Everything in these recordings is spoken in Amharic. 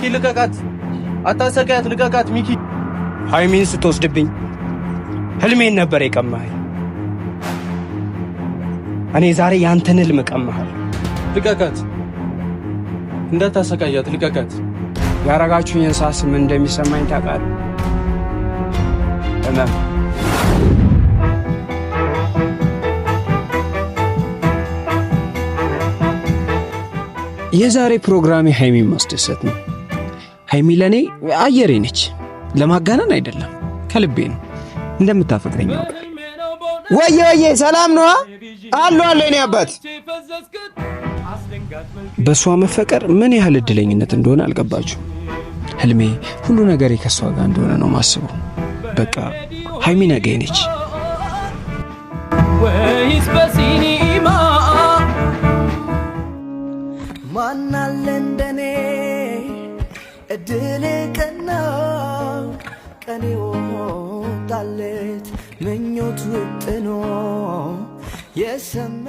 ሚኪ ልቀቃት፣ አታሰቃያት፣ ልቀቃት ሚኪ። ሀይሚን ስትወስድብኝ ህልሜን ነበር የቀማኸኝ። እኔ ዛሬ ያንተን ህልም ቀማሃል። ልቀቃት፣ እንዳታሰቃያት፣ ልቀቃት። ያረጋችሁኝን ሳስብ ስም እንደሚሰማኝ ታውቃለህ? እመም የዛሬ ፕሮግራሜ ሀይሚን ማስደሰት ነው። ሀይሚ ለእኔ አየሬ ነች። ለማጋነን አይደለም፣ ከልቤ ነው። እንደምታፈቅረኝ ያውቃል። ወየ ወየ፣ ሰላም ነዋ አሉ አለ እኔ አባት በእሷ መፈቀር ምን ያህል እድለኝነት እንደሆነ አልገባችሁ። ህልሜ ሁሉ ነገር የከሷ ጋር እንደሆነ ነው ማስበው። በቃ ሀይሚ ነገ ነች። ድሌ ቀና ቀኔዎ ጣሌት ምኞት ውጥኖ የሰመ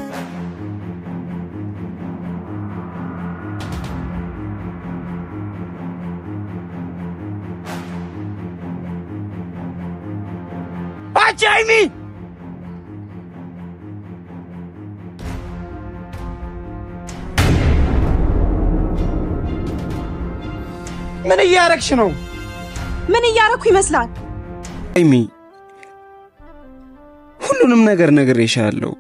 Jamie! ምን እያረግሽ ነው? ምን እያረግኩ ይመስላል? ሀይሚ ሁሉንም ነገር ነግሬሻለሁ።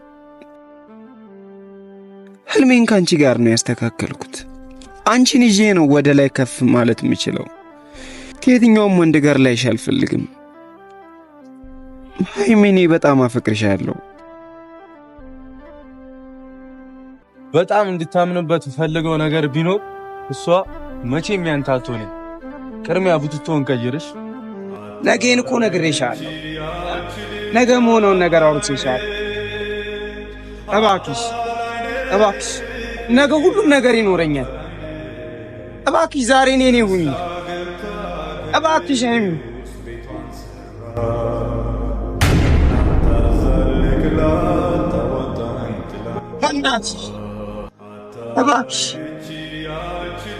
ህልሜን ከአንቺ ጋር ነው ያስተካከልኩት። አንቺን ይዤ ነው ወደ ላይ ከፍ ማለት የምችለው። ከየትኛውም ወንድ ጋር ላይሽ አልፈልግም። ሀይሚ እኔ በጣም አፈቅርሻለሁ። በጣም እንድታምንበት ፈልገው ነገር ቢኖር እሷ መቼም ያንተ አትሆንም። ቅድሚያ ቡትቶን ቀይርሽ። ነገን እኮ ነግሬሻለሁ። ነገ መሆነውን ነገር አውርቼሻለሁ። እባክሽ እባክሽ፣ ነገ ሁሉም ነገር ይኖረኛል። እባክሽ ዛሬ እኔ ነኝ ሁኚ። እባክሽ አይሚ እናትሽ እባክሽ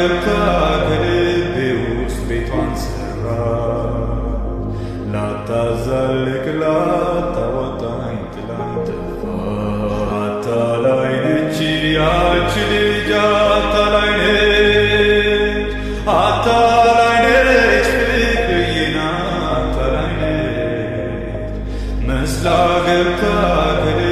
መርታ ከልቤ ውስጥ ቤቷን ሰራ ላታዛልቅ ላታወጣኝ ጥላኝ ጠፋ አታላይ ነች ያች ልጅ አታላይ ነች አታላይ ነች ፍቅርዬና አታላይ ነች መስላ ገብታ ከልቤ